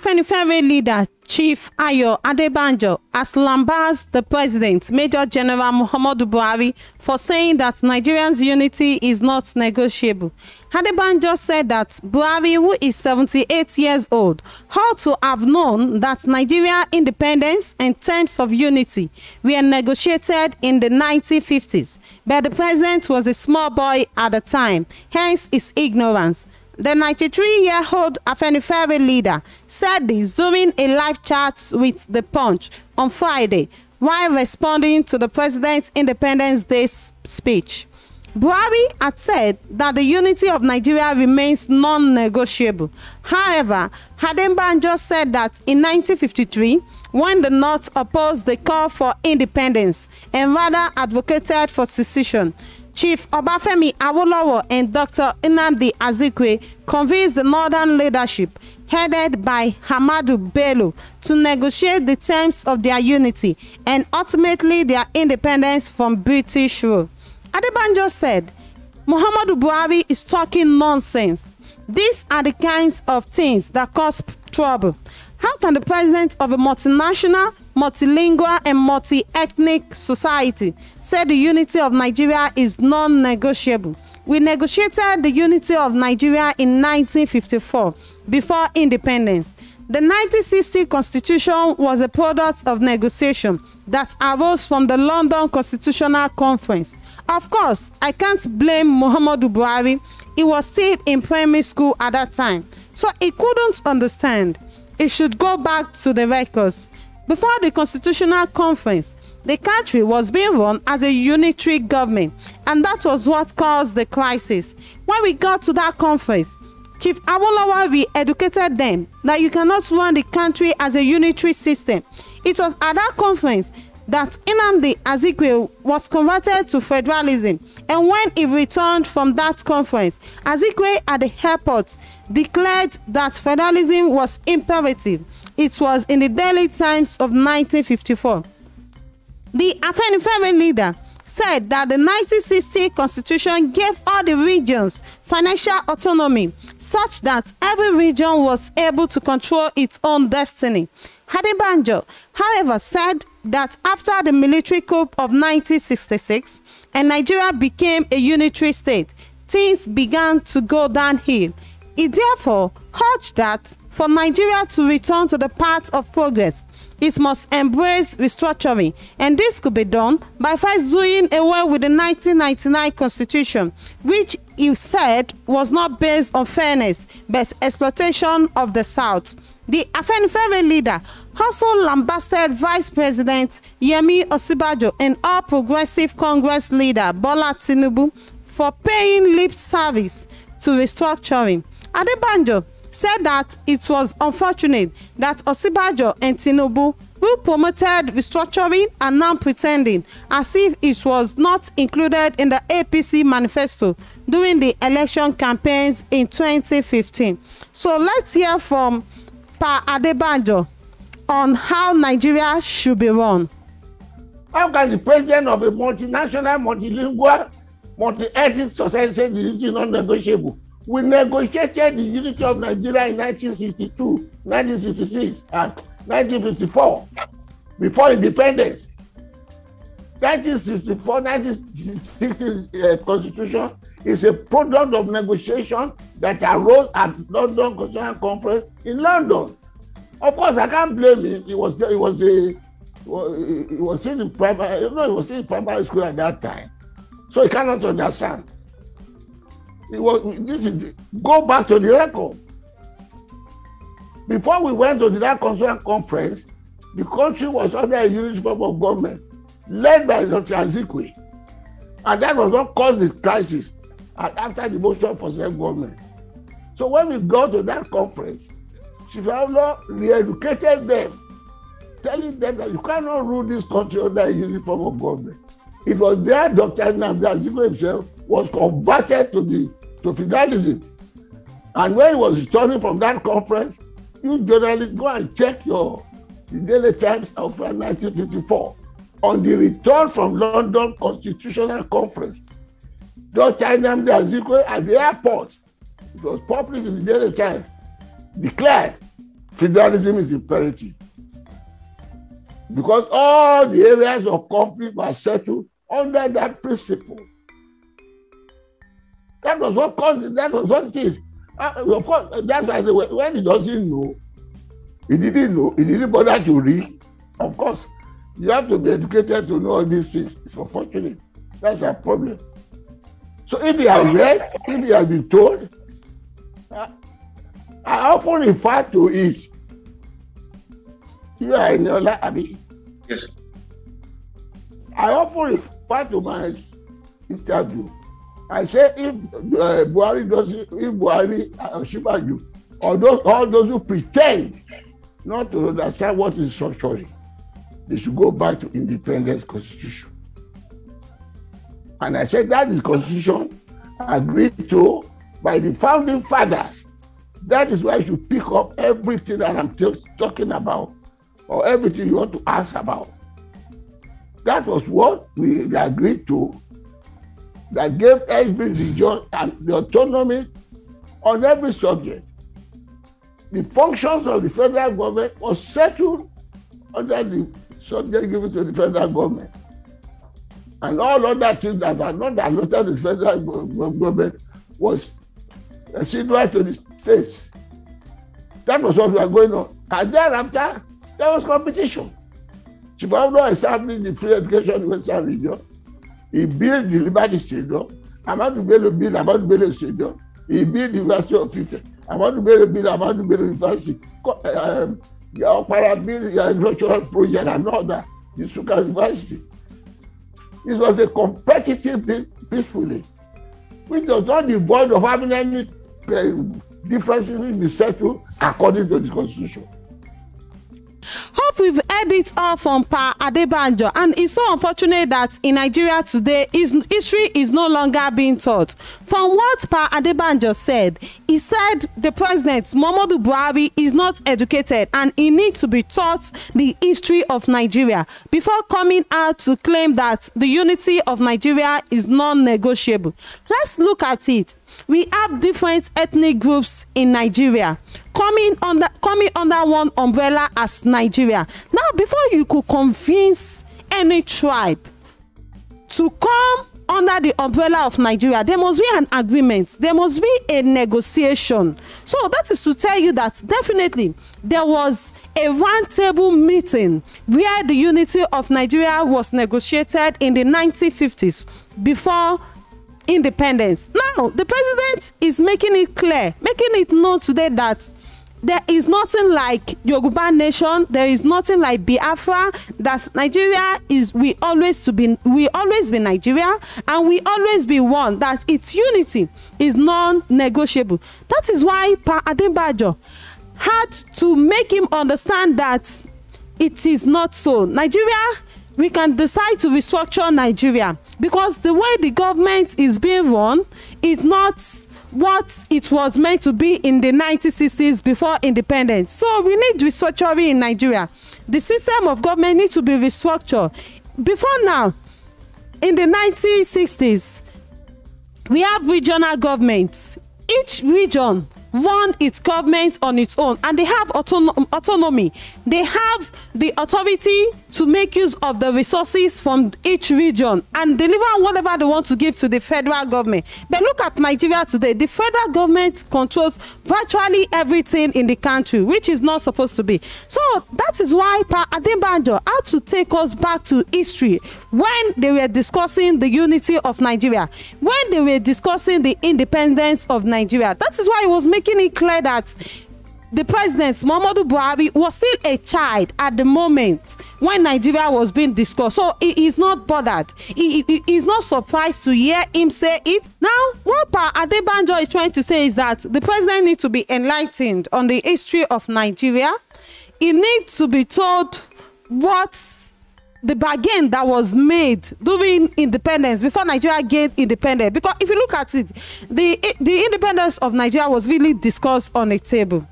Afenifere leader Chief Ayo Adebanjo has lambasted the president, Major General Muhammadu Buhari, for saying that Nigerians' unity is not negotiable. Adebanjo said that Buhari, who is 78 years old, ought to have known that Nigeria independence and terms of unity were negotiated in the 1950s, but the president was a small boy at the time, hence his ignorance. The 93-year-old Afenifere leader said this during a live chat with The Punch on Friday while responding to the president's Independence Day speech. Buhari had said that the unity of Nigeria remains non-negotiable. However, Hadenbanjo said that in 1953, when the North opposed the call for independence and rather advocated for secession. Chief Obafemi Awolowo and Dr. Nnamdi Azikwe convinced the northern leadership, headed by Hamadu Bello, to negotiate the terms of their unity and ultimately their independence from British rule. Adebanjo said, Muhammadu Buhari is talking nonsense. These are the kinds of things that cause trouble. How can the president of a multinational, multilingual, and multi ethnic society say the unity of Nigeria is non negotiable? We negotiated the unity of Nigeria in 1954 before independence. The 1960 Constitution was a product of negotiation that arose from the London Constitutional Conference. Of course, I can't blame Muhammadu Buhari. He was still in primary school at that time, so he couldn't understand. It should go back to the records. Before the Constitutional Conference, the country was being run as a unitary government, and that was what caused the crisis. When we got to that conference, Chief Awolowo we educated them that you cannot run the country as a unitary system. It was at that conference that Nnamdi Azikiwe was converted to federalism and when he returned from that conference, Azikiwe at the airport declared that federalism was imperative. It was in the Daily Times of 1954. The Afenifere leader said that the 1960 constitution gave all the regions financial autonomy such that every region was able to control its own destiny. Adebanjo, however, said that after the military coup of 1966 and Nigeria became a unitary state, things began to go downhill. He therefore urged that for Nigeria to return to the path of progress it must embrace restructuring, and this could be done by first doing away with the 1999 Constitution, which he said was not based on fairness but exploitation of the South. The Afenifere leader also lambasted Vice President Yemi Osibajo and All Progressive Congress leader Bola Tinubu for paying lip service to restructuring. Adebanjo said that it was unfortunate that Osibajo and Tinubu who promoted restructuring and now pretending as if it was not included in the APC manifesto during the election campaigns in 2015. So let's hear from Pa Adebanjo on how Nigeria should be run. How can the president of a multinational, multilingual, multi-ethnic society say the is non-negotiable? we negotiated the unity of Nigeria in 1962, 1966, and 1954 before independence. 1964 1966 uh, constitution is a product of negotiation that arose at London Constitutional Conference in London. Of course, I can't blame him. He was he was a he was in primary know he was in primary school at that time, so he cannot understand. It was this is go back to the record. Before we went to the that concern conference, the country was under a uniform of government led by Dr. Azikwe. And that was what caused the crisis And after the motion for self-government. So when we go to that conference, Shifaulo re-educated them, telling them that you cannot rule this country under a uniform of government. It was there Dr. Nnamdi Azikwe himself was converted to the to Fidelism. And when he was returning from that conference, you journalists go and check your Daily Times of 1954 on the return from London Constitutional Conference. Dr. Nnamdi Azikiwe at the airport, it was published in the Daily Times, declared federalism is imperative because all the areas of conflict were settled under that principle. That was what caused it. That was what it is. Uh, of course, that's why I say when he doesn't know, he didn't know, he didn't bother to read. Of course, you have to be educated to know all these things. It's unfortunate. That's our problem. So if he has read, if he has been told, I, I often refer to it. You are in your life, Abby. Yes. I often refer to my interview I say if uh, Buhari doesn't, if Buhari eh, Osinbajo, uh, or those, all those who pretend not to understand what is structuring, they should go back to independent constitution. And I said that is constitution agreed to by the founding fathers. That is why you should pick up everything that I'm t- talking about or everything you want to ask about. That was what we agreed to that gave every region and the autonomy on every subject. The functions of the federal government was settled under the subject given to the federal government. And all other things that are not allotted to the federal government was residual to the states. That was what was going on. And thereafter, there was competition. Chibawdo established the free education in Western region. He built the Liberty Stadium. Amadu Bello built Amadu Bello Stadium. He built the University of Ife. Amadu Bello built Amadu Bello University. Um, Okpara built the agricultural project and other. that. The Suka University. This was a competitive thing peacefully, which does not devoid of having any uh, differences be settled according to the constitution heard it all from Pa Adebanjo, and it's so unfortunate that in Nigeria today, his history is no longer being taught. From what Pa Adebanjo said, he said the president, Muhammadu Buhari, is not educated and he needs to be taught the history of Nigeria before coming out to claim that the unity of Nigeria is non-negotiable. Let's look at it we have different ethnic groups in Nigeria coming under coming under one umbrella as Nigeria. Now, before you could convince any tribe to come under the umbrella of Nigeria, there must be an agreement. There must be a negotiation. So that is to tell you that definitely there was a roundtable meeting where the unity of Nigeria was negotiated in the 1950s before independence. Now, the president is making it clear, making it known today that there is nothing like Yoruba nation, there is nothing like Biafra, that Nigeria is we always to be we always be Nigeria and we always be one, that its unity is non-negotiable. That is why Pa Adebajo had to make him understand that it is not so. Nigeria we can decide to restructure Nigeria because the way the government is being run is not what it was meant to be in the 1960s before independence. So we need restructuring in Nigeria. The system of government needs to be restructured. Before now, in the 1960s, we have regional governments. Each region run its government on its own and they have autonom autonomy. They have the authority to make use of the resources from each region and deliver whatever they want to give to the federal government. But look at Nigeria today. The federal government controls virtually everything in the country, which is not supposed to be. So that is why Pa Adebanjo had to take us back to history when they were discussing the unity of Nigeria, when they were discussing the independence of Nigeria. That is why he was making it clear that the president Muhammadu Buhari was still a child at the moment when Nigeria was being discussed. So he is not bothered. He, he, is not surprised to hear him say it. Now, what part Adebanjo is trying to say is that the president needs to be enlightened on the history of Nigeria. He needs to be told what the bargain that was made during independence before Nigeria gained independence because if you look at it the the independence of Nigeria was really discussed on a table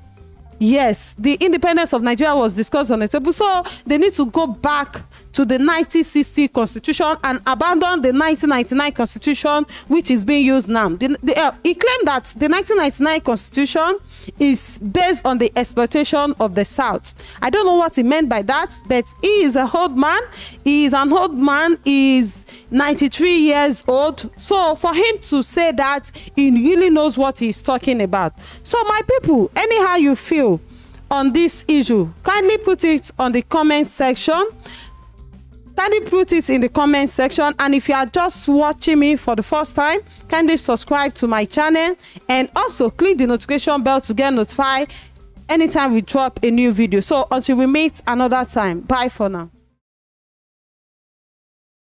yes the independence of nigeria was discussed on the table so they need to go back to the 1960 constitution and abandon the 1999 constitution which is being used now the, the, uh, he claimed that the 1999 constitution is based on the exploitation of the south i don't know what he meant by that but he is a old man he is an old man he is 93 years old so for him to say that he really knows what he's talking about so my people anyhow you feel on this issue kindly put it on the comment section kindly put it in the comment section and if you are just watching me for the first time kindly subscribe to my channel and also click the notification bell to get notified anytime we drop a new video so until we meet another time bye for now